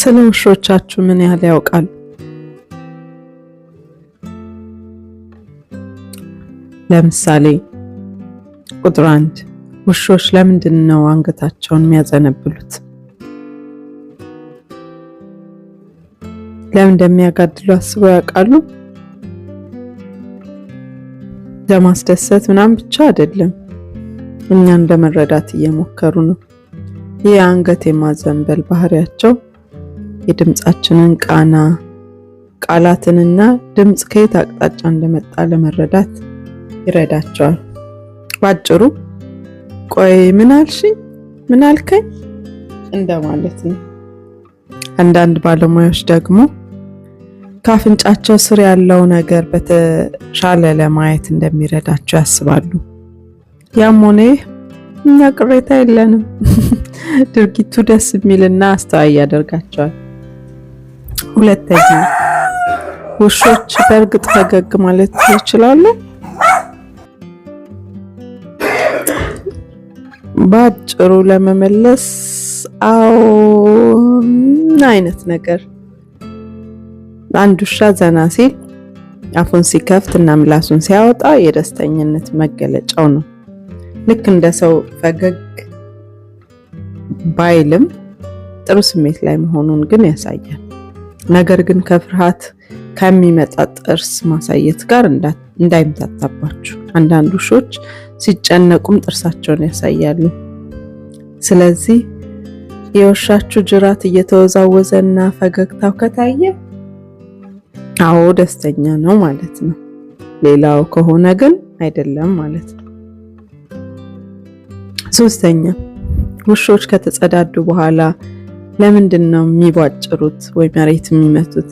ስለ ውሾቻችሁ ምን ያህል ያውቃሉ? ለምሳሌ ቁጥር አንድ ውሾች ለምንድን ነው አንገታቸውን የሚያዘነብሉት? ለምን እንደሚያጋድሉ አስበው ያውቃሉ? ለማስደሰት ምናምን ብቻ አይደለም። እኛን ለመረዳት እየሞከሩ ነው። ይህ አንገት የማዘንበል ባህሪያቸው የድምፃችንን ቃና ቃላትንና ድምፅ ከየት አቅጣጫ እንደመጣ ለመረዳት ይረዳቸዋል። ባጭሩ ቆይ ምን አልሽኝ? ምን አልከኝ እንደማለት ነው። አንዳንድ ባለሙያዎች ደግሞ ከአፍንጫቸው ስር ያለው ነገር በተሻለ ለማየት እንደሚረዳቸው ያስባሉ። ያም ሆነ እኛ ቅሬታ የለንም። ድርጊቱ ደስ የሚልና አስተዋይ ያደርጋቸዋል። ሁለተኛ ውሾች በእርግጥ ፈገግ ማለት ይችላሉ? በአጭሩ ለመመለስ አዎ አይነት ነገር። አንድ ውሻ ዘና ሲል አፉን ሲከፍት እና ምላሱን ሲያወጣ የደስተኝነት መገለጫው ነው። ልክ እንደ ሰው ፈገግ ባይልም ጥሩ ስሜት ላይ መሆኑን ግን ያሳያል። ነገር ግን ከፍርሃት ከሚመጣ ጥርስ ማሳየት ጋር እንዳይምታታባችሁ። አንዳንድ ውሾች ሲጨነቁም ጥርሳቸውን ያሳያሉ። ስለዚህ የውሻችሁ ጅራት እየተወዛወዘ እና ፈገግታው ከታየ አዎ ደስተኛ ነው ማለት ነው። ሌላው ከሆነ ግን አይደለም ማለት ነው። ሶስተኛ ውሾች ከተጸዳዱ በኋላ ለምንድን ነው የሚቧጭሩት ወይ መሬት የሚመቱት?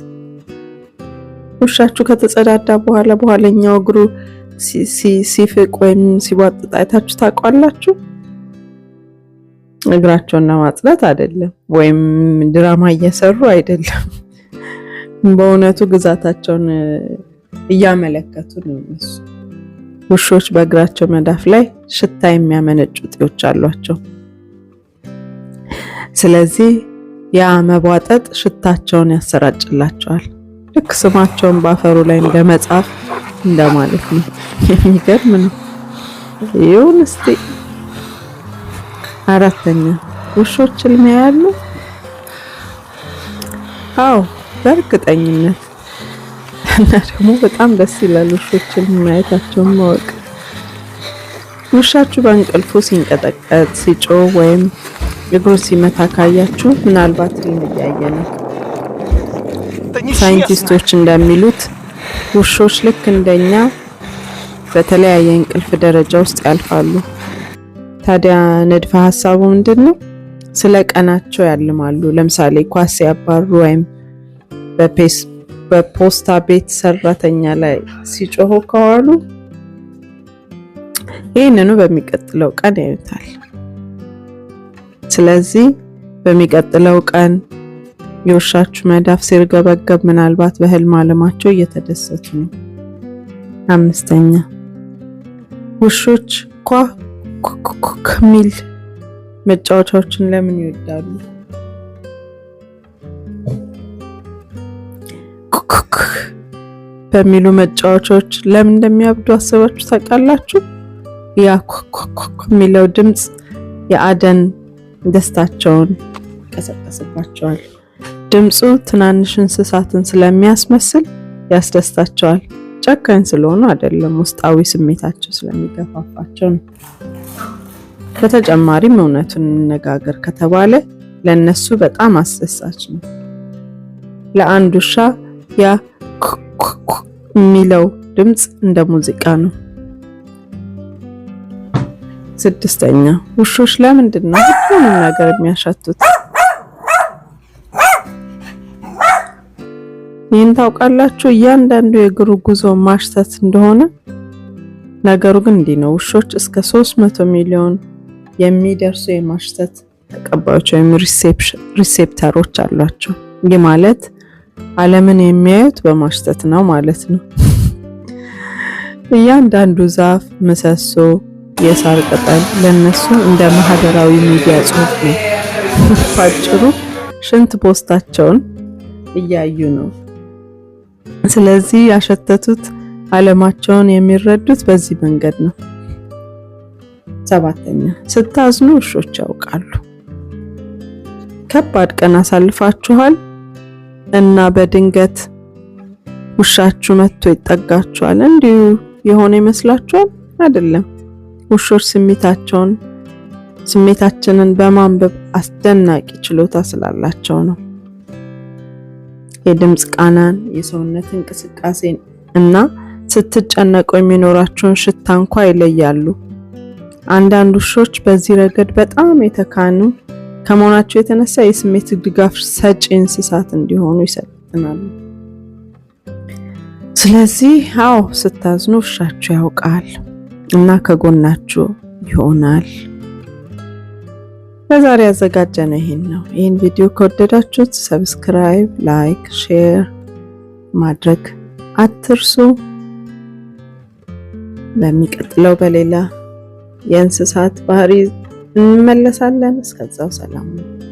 ውሻችሁ ከተጸዳዳ በኋላ በኋለኛው እግሩ ሲፍቅ ወይም ሲቧጥጥ አይታችሁ ታቋላችሁ እግራቸውን ለማጽዳት አይደለም፣ ወይም ድራማ እየሰሩ አይደለም። በእውነቱ ግዛታቸውን እያመለከቱ ነው እነሱ። ውሾች በእግራቸው መዳፍ ላይ ሽታ የሚያመነጩ እጢዎች አሏቸው። ስለዚህ ያ መቧጠጥ ሽታቸውን ያሰራጭላቸዋል። ልክ ስማቸውን ባፈሩ ላይ እንደ መጻፍ እንደማለት ነው። የሚገርም ነው። ይሁን እስቲ አራተኛ ውሾች ህልም ያሉ? አዎ በእርግጠኝነት እና ደግሞ በጣም ደስ ይላል ውሾች ህልም ማየታቸውን ማወቅ። ውሻችሁ በእንቅልፉ ሲንቀጠቀጥ ሲጮህ ወይም እግሩ ሲመታ ካያችሁ ምናልባት ይህን እያየ ነው። ሳይንቲስቶች እንደሚሉት ውሾች ልክ እንደኛ በተለያየ እንቅልፍ ደረጃ ውስጥ ያልፋሉ። ታዲያ ንድፈ ሀሳቡ ምንድን ነው? ስለ ቀናቸው ያልማሉ። ለምሳሌ ኳስ ሲያባሩ ወይም በፖስታ ቤት ሰራተኛ ላይ ሲጮሆ ከዋሉ ይህንኑ በሚቀጥለው ቀን ያዩታል። ስለዚህ በሚቀጥለው ቀን የውሻችሁ መዳፍ ሲርገበገብ ምናልባት በህልም አለማቸው እየተደሰቱ ነው። አምስተኛ ውሾች ኳ ከሚል መጫወቻዎችን ለምን ይወዳሉ? በሚሉ መጫወቻዎች ለምን እንደሚያብዱ አስባችሁ ታውቃላችሁ? ያ የሚለው ድምፅ የአደን ደስታቸውን ይቀሰቀስባቸዋል። ድምፁ ትናንሽ እንስሳትን ስለሚያስመስል ያስደስታቸዋል። ጨካኝ ስለሆኑ አይደለም፣ ውስጣዊ ስሜታቸው ስለሚገፋፋቸው ነው። በተጨማሪም እውነቱን እንነጋገር ከተባለ ለነሱ በጣም አስደሳች ነው። ለአንድ ውሻ ያ የሚለው ድምፅ እንደ ሙዚቃ ነው። ስድስተኛ ውሾች ለምንድን ነው ሁሉንም ነገር የሚያሻቱት? ይህን ታውቃላችሁ? እያንዳንዱ የእግሩ ጉዞ ማሽተት እንደሆነ። ነገሩ ግን እንዲህ ነው። ውሾች እስከ 300 ሚሊዮን የሚደርሱ የማሽተት ተቀባዮች ወይም ሪሴፕተሮች አሏቸው። ይህ ማለት ዓለምን የሚያዩት በማሽተት ነው ማለት ነው። እያንዳንዱ ዛፍ፣ ምሰሶ የሳር ቅጠል ለነሱ እንደ ማህበራዊ ሚዲያ ጽሑፍ ነው። ባጭሩ ሽንት ፖስታቸውን እያዩ ነው። ስለዚህ ያሸተቱት ዓለማቸውን የሚረዱት በዚህ መንገድ ነው። ሰባተኛ ስታዝኑ ውሾች ያውቃሉ። ከባድ ቀን አሳልፋችኋል እና በድንገት ውሻችሁ መጥቶ ይጠጋችኋል። እንዲሁ የሆነ ይመስላችኋል? አይደለም። ውሾች ስሜታቸውን ስሜታችንን በማንበብ አስደናቂ ችሎታ ስላላቸው ነው። የድምፅ ቃናን፣ የሰውነት እንቅስቃሴን እና ስትጨነቁ የሚኖራቸውን ሽታ እንኳ ይለያሉ። አንዳንድ ውሾች በዚህ ረገድ በጣም የተካኑ ከመሆናቸው የተነሳ የስሜት ድጋፍ ሰጪ እንስሳት እንዲሆኑ ይሰለጥናሉ። ስለዚህ አዎ ስታዝኑ ውሻችሁ ያውቃል። እና ከጎናችሁ ይሆናል። ለዛሬ ያዘጋጀ ነው ይሄን ነው። ይህን ቪዲዮ ከወደዳችሁት ሰብስክራይብ፣ ላይክ፣ ሼር ማድረግ አትርሱ። በሚቀጥለው በሌላ የእንስሳት ባህሪ እንመለሳለን። እስከዛው ሰላም